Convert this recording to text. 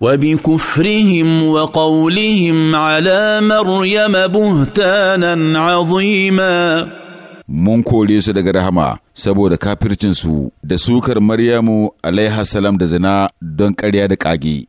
وبكفرهم وقولهم على مريم بهتانا عظيما mun kore su daga rahama saboda kafircinsu da sukar Maryamu alaiha salam da zina don ƙarya da ƙage.